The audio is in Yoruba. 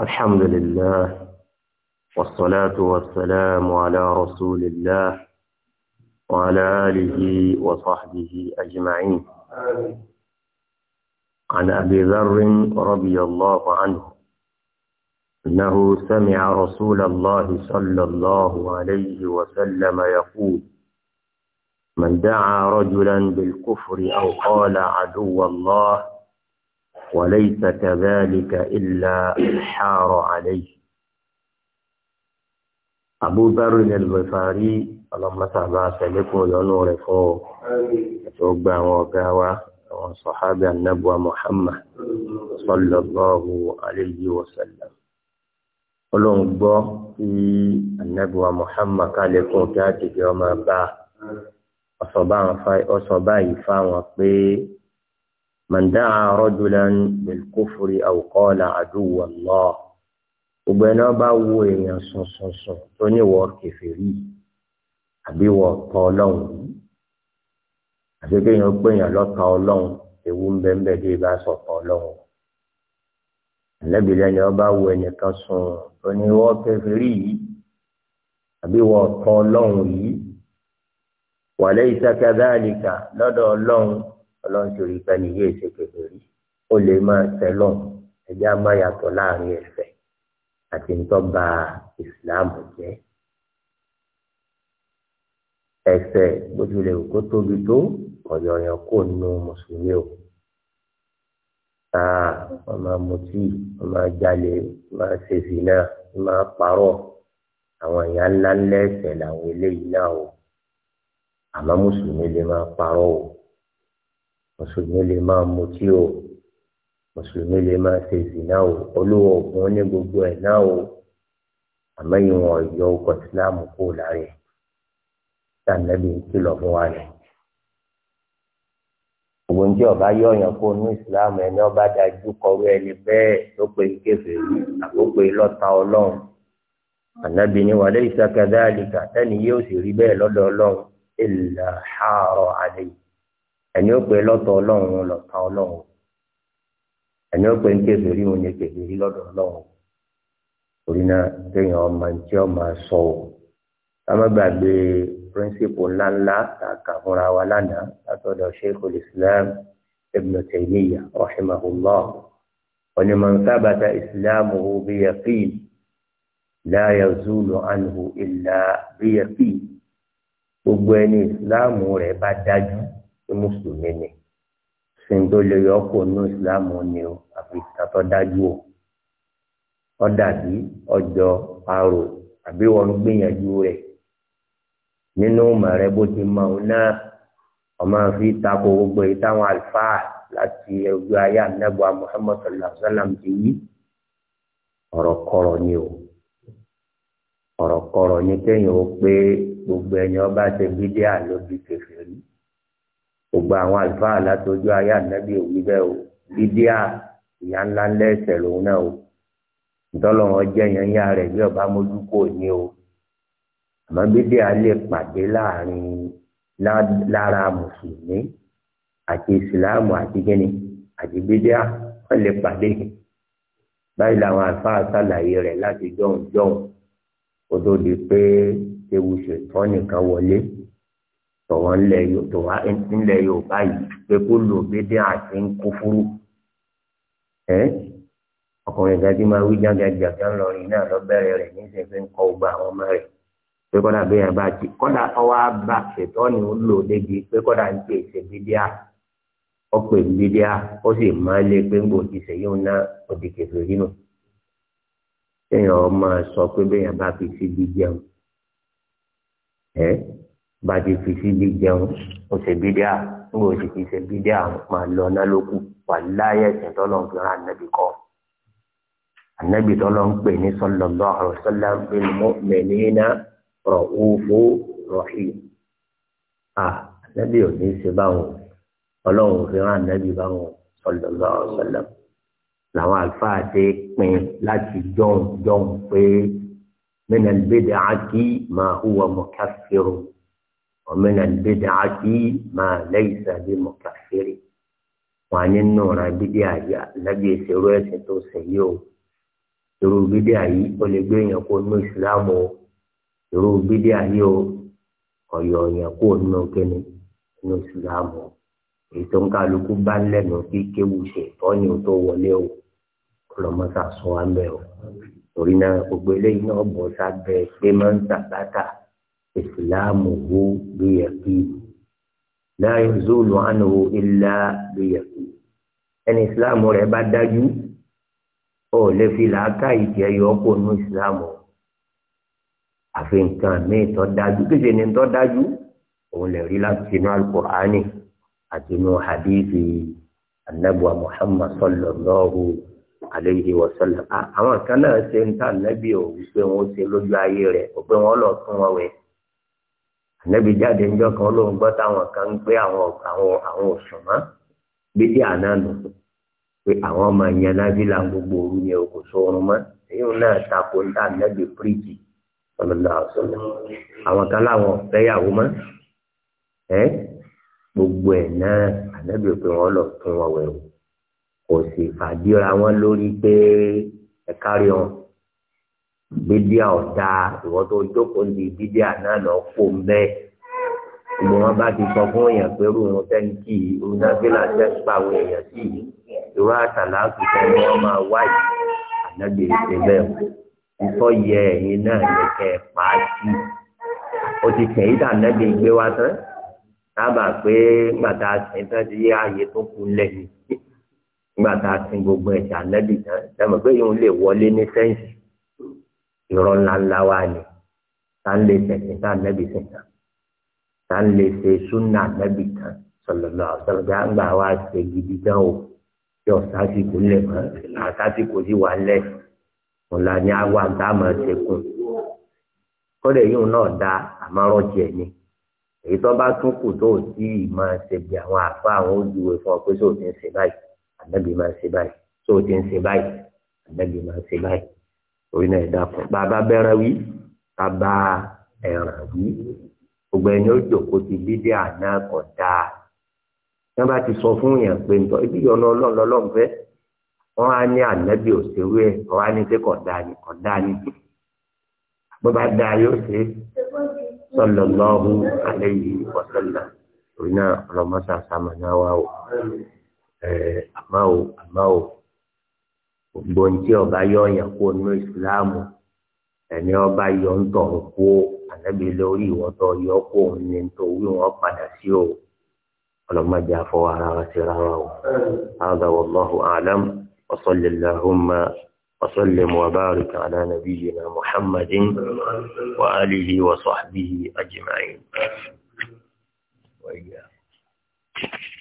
الحمد لله والصلاة والسلام على رسول الله وعلى آله وصحبه أجمعين عن أبي ذر رضي الله عنه أنه سمع رسول الله صلى الله عليه وسلم يقول من دعا رجلا بالكفر أو قال عدو الله وليس كذلك إلا حار عليه أبو ذر الغفاري اللهم صل وسلم وينور فوق أتوقع وقاوة وصحابة النبوة محمد صلى الله عليه وسلم Ọlọ́run gbọ́ tí ànábùwà Muhammad kálẹ̀kùn kí á ti jẹ́ ọmọ bá ọ̀sọ̀ báyìí fáwọn pé من دعا رجلا بالكفر kufri قال عدو الله. Allah gbogbo ẹni ọba wo èèyàn sunsunsun tó ní wọ kèfèrí àbí wọ ọtọ Ọlọ́run àti kéèyàn pé èèyàn lọtọ Ọlọ́run ewu ń bẹ ń bẹ dé ibà sọtọ Ọlọ́run àlẹbìlẹ ni ọba wo ẹnìkan sùn tó ní wọ kèfèrí yìí àbí wọ ọtọ Ọlọ́run yìí wa laysa kadhalika lọ́dọ̀ Ọlọ́run ọlọ́run ti rí i pé ní yéé ṣe kékeré ó lè máa tẹ́lọ̀ ẹ̀jẹ̀ á má yàtọ̀ láàrin ẹ̀ṣẹ̀ àti ntọ́ba ìsìláàmù jẹ́ ẹ̀ṣẹ̀ bójúlẹ̀ òkú tóbi tó ọ̀yọ̀ yẹn kò nínú mùsùlùmí o aa wọ́n máa mutí wọ́n máa jalè wọ́n máa ṣe zina wọ́n máa parọ́ àwọn èèyàn ńlá ńlá ẹ̀ṣẹ̀ làwọn eléyìí náà o àmọ́ mùsùlùmí lè máa parọ́ o mùsùlùmí lè máa mutí o mùsùlùmí lè máa ṣe ìsìná o olówó ògùn ní gbogbo ẹ̀ náà o àmọ́ ìwọ̀n ọ̀yọ́ ọkọ̀ ìsìláàmù kò láàyè sànẹ́bí ń kìlọ̀ fún wa rẹ̀ ògùn tí ọba yọ̀yàn kó ní ìsìláàmù ẹni ọba dájú kọrú ẹni bẹ́ẹ̀ ló pe kéfèé àkókò ìlọ́ta ọlọ́run ànábì ni wàlẹ́ ìsakadá àlìkà tẹ́ni yóò sì rí bẹ́ẹ̀ lọ́dọ̀ ọlọ́run ìlà àárọ̀ àlẹ́yìn ẹni ó pè lọ́tọ̀ ọlọ́run lọ́ta ọlọ́run ẹni ó pè ń kébèrè òun ní kébèrè lọ́dọ̀ ọlọ́run torí náà téèyàn ọmọ tí ó máa sọ ọ ká píríncípù ńláńlá kàkà fúnra wa lánàá látọ̀dọ̀ Sheikhul Islam Ibn Taymiyyah rahimahullah oní man thabata islamuhu biyaqin la yazulu anhu illa biyaqin gbogbo ẹni ìsìláàmù rẹ̀ bá dájú pé mùsùlùmí ni sèǹtò lè yọ ọkọ ní ìsìláàmù ni o àfi ìtàtọ́ dájú o ọ dàbí ọjọ́ arò àbí wọn ń gbìyànjú rẹ̀ nínú mọ̀rẹ́ bó ti mọ̀ ọ́n náà ọmọ fi takò gbogbo yìí táwọn àlùfáà láti ẹgbẹ́ ayé ànágbà Muhammad sallallahu alayhi wa sallam ti yí ọ̀rọ̀ kọ̀rọ̀ ni o ọ̀rọ̀ kọ̀rọ̀ ni kéèyàn ó pé gbogbo ẹ̀yàn ọba ti bídíà ló kẹfì gbogbo àwọn àlùfáà látọjú ayé ànábì òwì bẹ́ẹ̀ o dídíà ìyá ńlá ńlá ẹsẹ̀ lòun náà o ntọ́lọ́wọ́n jẹ́ yan yá rẹ̀ bí ọba mójúkó ní o àmọ́ dídíà lè pàdé láàrin lára mùsùlùmí àti ìsìláàmù àti gíní àti dídíà wọ́n lè pàdé báyìí làwọn àlùfáà sàlàyé rẹ̀ láti jọ̀hún jọ̀hún kó tó di pé ewu ṣètọ́ nìkan wọlé tọ̀wọ́ ńlẹ̀ yorùbá yìí pé kó lò bédè àti kófúrú ẹ́ ọkùnrin gàdí máa wí jágajàgá ńlọrin náà lọ bẹ̀rẹ̀ rẹ̀ níṣẹ́ fi ń kọ́ gba àwọn ọmọ rẹ̀ pé kọ́dà bẹ́ẹ̀ yẹn bá ti kọ́dà ọwọ́ bá ṣètọ́ ni ó lò débi pé kọ́dà ń pè ṣe bédè à ó pè bédè à ó sì máa lé pé ńgbò ti ṣèyí òun náà ó di kẹfẹ́ nínú kéèyàn máa sọ pé bẹ́ẹ̀ bá fi síbi jẹun ẹ́. Eh? bàtí fi síbi jẹun ọ̀sẹ̀ bídẹ́ à ńgbà òsì fi ṣe bídẹ́ à máa lọ ọ̀nà lókù wà láyé ẹ̀sìn tọ́lọ̀ ń fìràn ànábì kọ́ ànábì tọ́lọ̀ ń pè ní sallallahu alaihi wasallam bil mu'minina ra'ufu rahim à ànábì ò ní ṣe báwọn ọlọ́run fìràn ànábì báwọn sallallahu alaihi wasallam làwọn àlùfáà ṣe pin láti jọ̀hún jọ̀hún pé min al ومن البدعة ما ليس بمكفر wọn nínú ọ̀ràn bídí àyè lábí ìṣerú ẹ̀sìn tó ṣe yìí o irú bídí àyè ó lè gbé èèyàn kó nú islam o irú bídí àyè o ọ̀yọ̀ èèyàn kó kálukú bá ń lẹ́nu bí kéwu ṣe tọ́ni o tó wọlé o ọlọ́mọ́sà sọ wá ń o torí náà gbogbo eléyìí náà bọ̀ sábẹ́ pé máa ń tàbátà. إسلامه بيقين لا يزول عنه إلا بيقين أن إسلام العباد ó lè fi làákà ìjẹ yọkó nu ìsìlámù àfi nǹkan míì tó dájú kéde ní tó dájú òun lè rí láti inú alukur'ani àti inú hadithi anabuwa muhammad sallallahu alayhi wa sallam àwọn kan náà ṣe ń ta anabi ò wọn ṣe lójú ayé rẹ̀ ò wọn lọ tún wọn wẹ ànábì jáde ńjọ kan olóhùn gbọ́ táwọn kan ń pé àwọn àwọn àwọn òṣùnmọ́ bídí àná nù pé àwọn ọmọ yẹn nábìlà gbogbo òru ni o kò sóorun mọ́ èyí náà tako ń tà ànábì píríkì ọlọ́dà ọ̀sọ̀lọ́ àwọn kan láwọn fẹ́yàwó mọ́ ẹ́ gbogbo ẹ̀ náà ànábì pé wọ́n lọ tún wọn wẹ̀ o kò sì fàdíra wọn lórí pé ẹ kárí wọn bídíà ọ̀tá ìwọ́n tó jókòó ní bídíà náà lọ kó bẹ́ẹ̀ ìgbò wọn bá ti sọ fún èèyàn pé irú wọn fẹ́ẹ́ kí irú náfìlà tẹ́ pa àwọn èèyàn sí i irú àtàlà kùtẹ́ ni wọ́n máa wáyé ànágbè ṣe bẹ́ẹ̀ o ìfọ́ yẹ ẹ̀yin náà lè kẹ́ ẹ pa á sí i o ti tẹ̀ yíta ànágbè gbé wa tán sábà pé gbàtà sìn tán ti yé ààyè tó kù lẹ́yìn gbàtà sìn gbogbo ẹ̀ṣẹ̀ ànágbè tán sẹ́mi pé ìhun lè wọlé ní sẹ́yìn irọ́ ńlá ńlá wa ni tá ń lè tẹ̀sìn tá nẹ́bí sìn kan tá ń lè ṣe súnà nẹ́bí kan sọlọlọ àtọlọgbà àgbà wa ṣe gidi dán o yọ sásìkò lẹ mọ àsásìkò sí wa lẹ ọ̀la ni àwa tá a máa ṣe kù kọ́dẹ̀ yóò náà da àmọ́ràn jẹ ni èyí tó bá tún kù tó tí ì máa ṣe bí àwọn àfa àwọn olùwẹ̀ fún ọ pé sóò ti ń ṣe báyìí ànábì máa ń ṣe báyìí sóò ti ń ṣe báyìí ànábì máa ń ṣe báyìí torí náà ẹ̀dá fún bàbá bẹ́rẹ̀ wí bàbá ẹ̀ràn wí gbogbo ẹni ó jòkó ti bídé àná kọ̀ dáa tí wọ́n bá ti sọ fún yẹn pé ntọ́ ibi ìyọnu ọlọ́run lọ́lọ́run fẹ́ wọ́n á ní ànábì òṣèrú ẹ̀ wọ́n á ní pé kọ̀ dáa ni kọ̀ dáa ni bó bá dáa yóò ṣe sallallahu alayhi wa sallam torí náà ọlọ́mọ sàṣàmà náà wà ó àmà ó àmà ó gbogbo ntí ọba yọ ọyàn kó nínú ìsìláàmù ẹni ọba yọ ń tọ̀ ń kó ànábì lórí ìwọ́tọ̀ yọ kó òun ní nítorí wọn padà sí o ọlọmọdé àfọwọ́ ara wa sí rárá o hādhā wallāhu a'lam wa salli llāhumma wa sallim wa wa ālihi wa sahbihi ajma'in. Thank you.